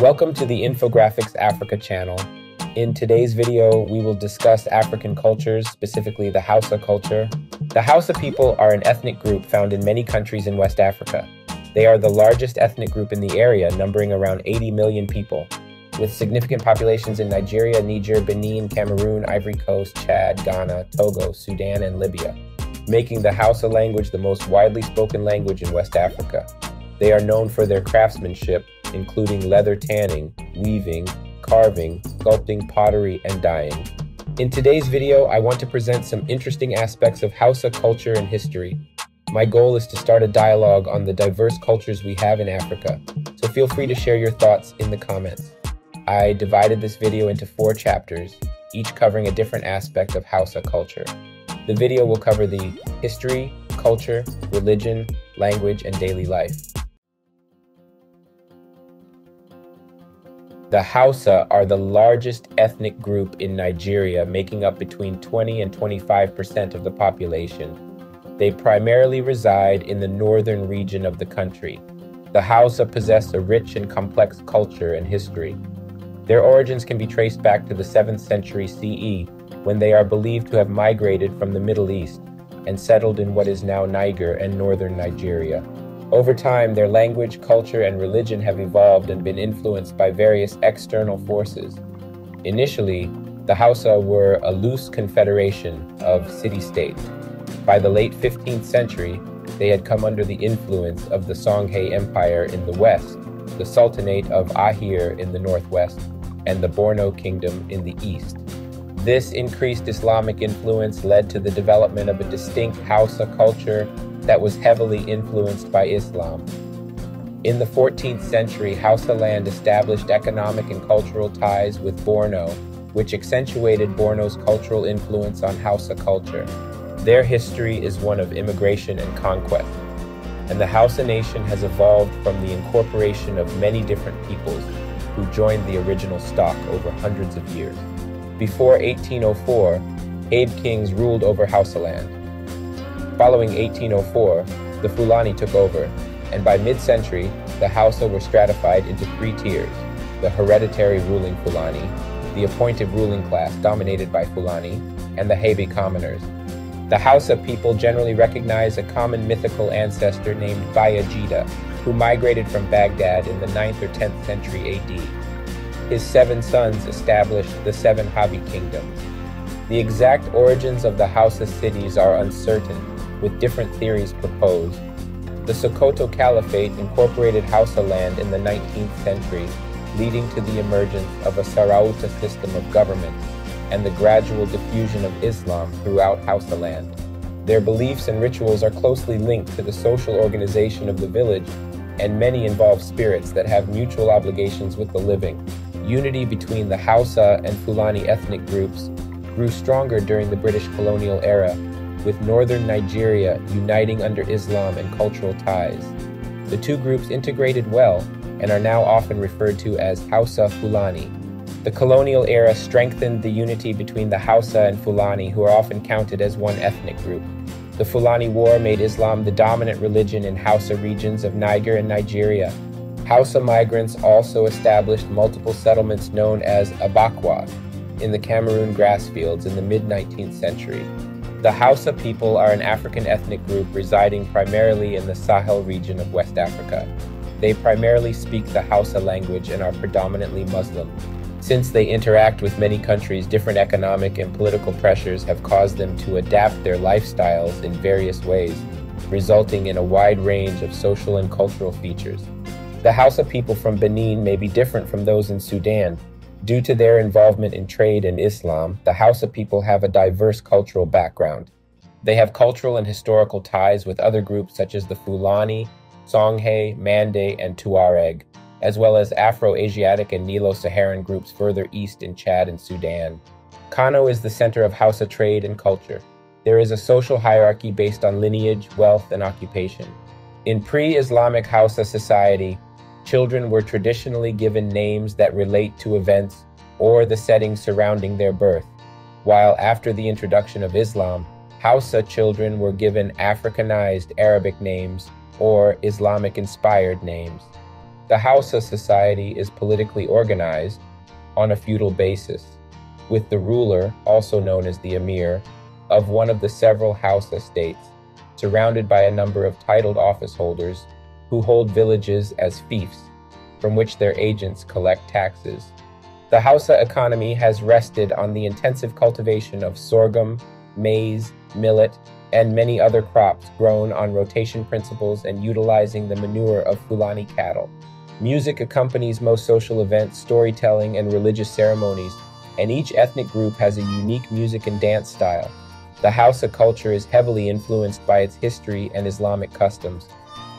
Welcome to the Infographics Africa channel. In today's video, we will discuss African cultures, specifically the Hausa culture. The Hausa people are an ethnic group found in many countries in West Africa. They are the largest ethnic group in the area, numbering around 80 million people, with significant populations in Nigeria, Niger, Benin, Cameroon, Ivory Coast, Chad, Ghana, Togo, Sudan, and Libya, making the Hausa language the most widely spoken language in West Africa. They are known for their craftsmanship, including leather tanning, weaving, carving, sculpting, pottery, and dyeing. In today's video, I want to present some interesting aspects of Hausa culture and history. My goal is to start a dialogue on the diverse cultures we have in Africa, so feel free to share your thoughts in the comments. I divided this video into four chapters, each covering a different aspect of Hausa culture. The video will cover the history, culture, religion, language, and daily life. The Hausa are the largest ethnic group in Nigeria, making up between 20 and 25% of the population. They primarily reside in the northern region of the country. The Hausa possess a rich and complex culture and history. Their origins can be traced back to the 7th century CE, when they are believed to have migrated from the Middle East and settled in what is now Niger and northern Nigeria. Over time, their language, culture, and religion have evolved and been influenced by various external forces. Initially, the Hausa were a loose confederation of city states. By the late 15th century, they had come under the influence of the Songhai Empire in the west, the Sultanate of Ahir in the northwest, and the Borno Kingdom in the east. This increased Islamic influence led to the development of a distinct Hausa culture that was heavily influenced by Islam. In the 14th century, Hausaland established economic and cultural ties with Borno, which accentuated Borno's cultural influence on Hausa culture. Their history is one of immigration and conquest, and the Hausa nation has evolved from the incorporation of many different peoples who joined the original stock over hundreds of years. Before 1804, Abe kings ruled over Hausaland. Following 1804, the Fulani took over, and by mid-century, the Hausa were stratified into three tiers, the hereditary ruling Fulani, the appointed ruling class dominated by Fulani, and the Habe commoners. The Hausa people generally recognize a common mythical ancestor named Bayajida, who migrated from Baghdad in the 9th or 10th century AD. His seven sons established the seven Habi kingdoms. The exact origins of the Hausa cities are uncertain, with different theories proposed. The Sokoto Caliphate incorporated Hausa land in the 19th century, leading to the emergence of a Sarauta system of government and the gradual diffusion of Islam throughout Hausa land. Their beliefs and rituals are closely linked to the social organization of the village, and many involve spirits that have mutual obligations with the living. Unity between the Hausa and Fulani ethnic groups grew stronger during the British colonial era, with northern Nigeria uniting under Islam and cultural ties. The two groups integrated well and are now often referred to as Hausa Fulani. The colonial era strengthened the unity between the Hausa and Fulani, who are often counted as one ethnic group. The Fulani War made Islam the dominant religion in Hausa regions of Niger and Nigeria. Hausa migrants also established multiple settlements known as Abakwa in the Cameroon grass fields in the mid 19th century. The Hausa people are an African ethnic group residing primarily in the Sahel region of West Africa. They primarily speak the Hausa language and are predominantly Muslim. Since they interact with many countries, different economic and political pressures have caused them to adapt their lifestyles in various ways, resulting in a wide range of social and cultural features. The Hausa people from Benin may be different from those in Sudan, Due to their involvement in trade and Islam, the Hausa people have a diverse cultural background. They have cultural and historical ties with other groups such as the Fulani, Songhay, Mande, and Tuareg, as well as Afro Asiatic and Nilo Saharan groups further east in Chad and Sudan. Kano is the center of Hausa trade and culture. There is a social hierarchy based on lineage, wealth, and occupation. In pre Islamic Hausa society, children were traditionally given names that relate to events or the setting surrounding their birth, while after the introduction of Islam, Hausa children were given Africanized Arabic names or Islamic inspired names. The Hausa society is politically organized on a feudal basis, with the ruler, also known as the emir, of one of the several Hausa states, surrounded by a number of titled office holders who hold villages as fiefs, from which their agents collect taxes. The Hausa economy has rested on the intensive cultivation of sorghum, maize, millet, and many other crops grown on rotation principles and utilizing the manure of Fulani cattle. Music accompanies most social events, storytelling, and religious ceremonies, and each ethnic group has a unique music and dance style. The Hausa culture is heavily influenced by its history and Islamic customs.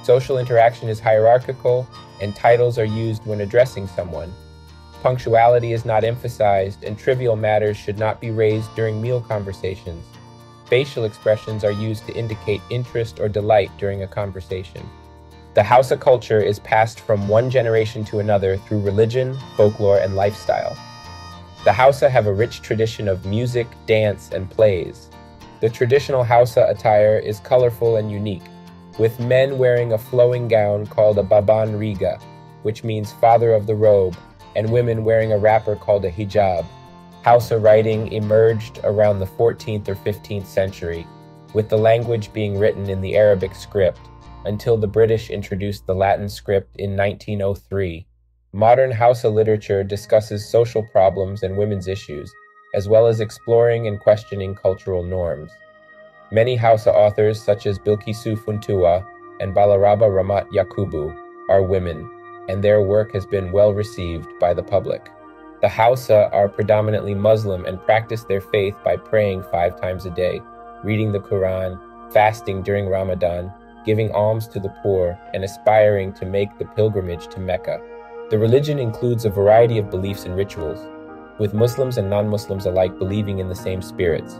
Social interaction is hierarchical, and titles are used when addressing someone. Punctuality is not emphasized, and trivial matters should not be raised during meal conversations. Facial expressions are used to indicate interest or delight during a conversation. The Hausa culture is passed from one generation to another through religion, folklore, and lifestyle. The Hausa have a rich tradition of music, dance, and plays. The traditional Hausa attire is colorful and unique, with men wearing a flowing gown called a baban riga, which means father of the robe, and women wearing a wrapper called a hijab. Hausa writing emerged around the 14th or 15th century, with the language being written in the Arabic script, until the British introduced the Latin script in 1903. Modern Hausa literature discusses social problems and women's issues, as well as exploring and questioning cultural norms. Many Hausa authors, such as Bilkisu Funtua and Balaraba Ramat Yakubu, are women, and their work has been well received by the public. The Hausa are predominantly Muslim and practice their faith by praying five times a day, reading the Quran, fasting during Ramadan, giving alms to the poor, and aspiring to make the pilgrimage to Mecca. The religion includes a variety of beliefs and rituals, with Muslims and non Muslims alike believing in the same spirits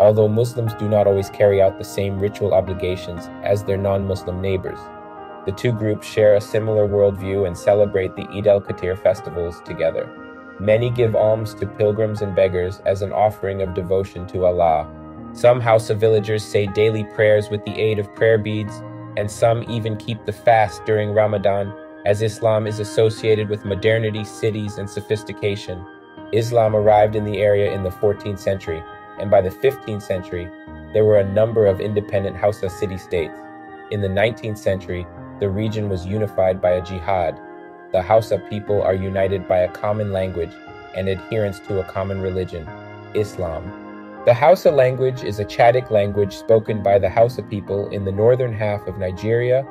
although Muslims do not always carry out the same ritual obligations as their non Muslim neighbors. The two groups share a similar worldview and celebrate the Eid al Qatir festivals together. Many give alms to pilgrims and beggars as an offering of devotion to Allah. Some Hausa villagers say daily prayers with the aid of prayer beads, and some even keep the fast during Ramadan, as Islam is associated with modernity, cities, and sophistication. Islam arrived in the area in the 14th century, and by the 15th century, there were a number of independent Hausa city states. In the 19th century, the region was unified by a jihad. The Hausa people are united by a common language and adherence to a common religion, Islam. The Hausa language is a Chadic language spoken by the Hausa people in the northern half of Nigeria,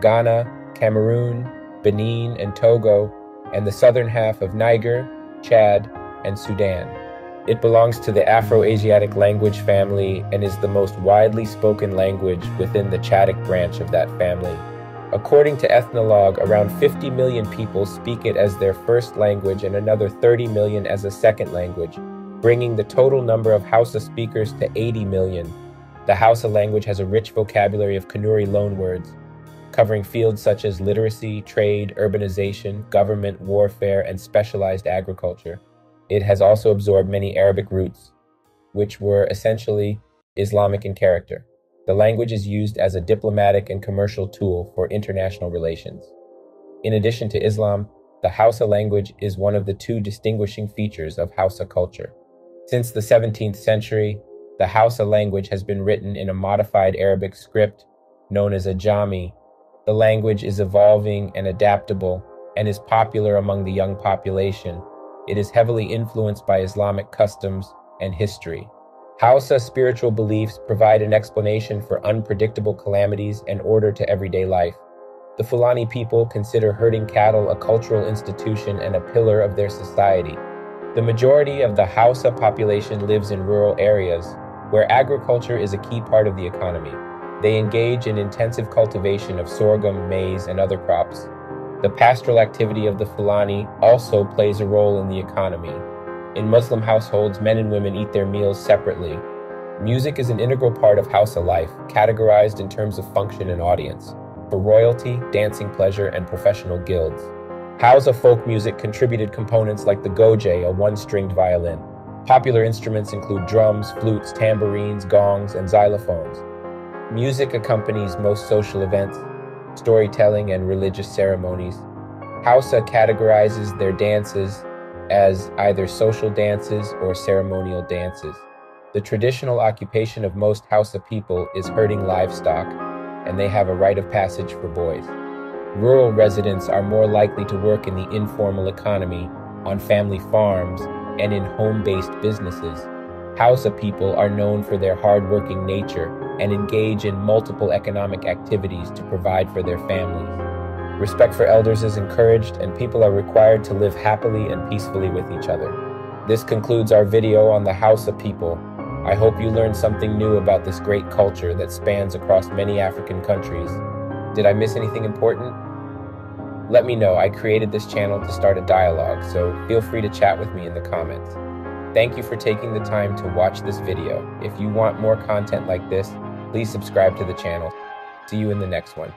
Ghana, Cameroon, Benin, and Togo, and the southern half of Niger, Chad, and Sudan. It belongs to the Afro Asiatic language family and is the most widely spoken language within the Chadic branch of that family. According to Ethnologue, around 50 million people speak it as their first language and another 30 million as a second language, bringing the total number of Hausa speakers to 80 million. The Hausa language has a rich vocabulary of Kanuri loanwords, covering fields such as literacy, trade, urbanization, government, warfare, and specialized agriculture. It has also absorbed many Arabic roots, which were essentially Islamic in character. The language is used as a diplomatic and commercial tool for international relations. In addition to Islam, the Hausa language is one of the two distinguishing features of Hausa culture. Since the 17th century, the Hausa language has been written in a modified Arabic script known as Ajami. The language is evolving and adaptable and is popular among the young population, it is heavily influenced by Islamic customs and history. Hausa spiritual beliefs provide an explanation for unpredictable calamities and order to everyday life. The Fulani people consider herding cattle a cultural institution and a pillar of their society. The majority of the Hausa population lives in rural areas, where agriculture is a key part of the economy. They engage in intensive cultivation of sorghum, maize, and other crops, the pastoral activity of the Fulani also plays a role in the economy. In Muslim households, men and women eat their meals separately. Music is an integral part of Hausa life, categorized in terms of function and audience, for royalty, dancing pleasure, and professional guilds. Hausa folk music contributed components like the goje, a one-stringed violin. Popular instruments include drums, flutes, tambourines, gongs, and xylophones. Music accompanies most social events, storytelling, and religious ceremonies. Hausa categorizes their dances as either social dances or ceremonial dances. The traditional occupation of most Hausa people is herding livestock, and they have a rite of passage for boys. Rural residents are more likely to work in the informal economy, on family farms, and in home based businesses. Hausa people are known for their hard working nature and engage in multiple economic activities to provide for their families. Respect for elders is encouraged, and people are required to live happily and peacefully with each other. This concludes our video on the House of People. I hope you learned something new about this great culture that spans across many African countries. Did I miss anything important? Let me know. I created this channel to start a dialogue, so feel free to chat with me in the comments. Thank you for taking the time to watch this video. If you want more content like this, please subscribe to the channel. See you in the next one.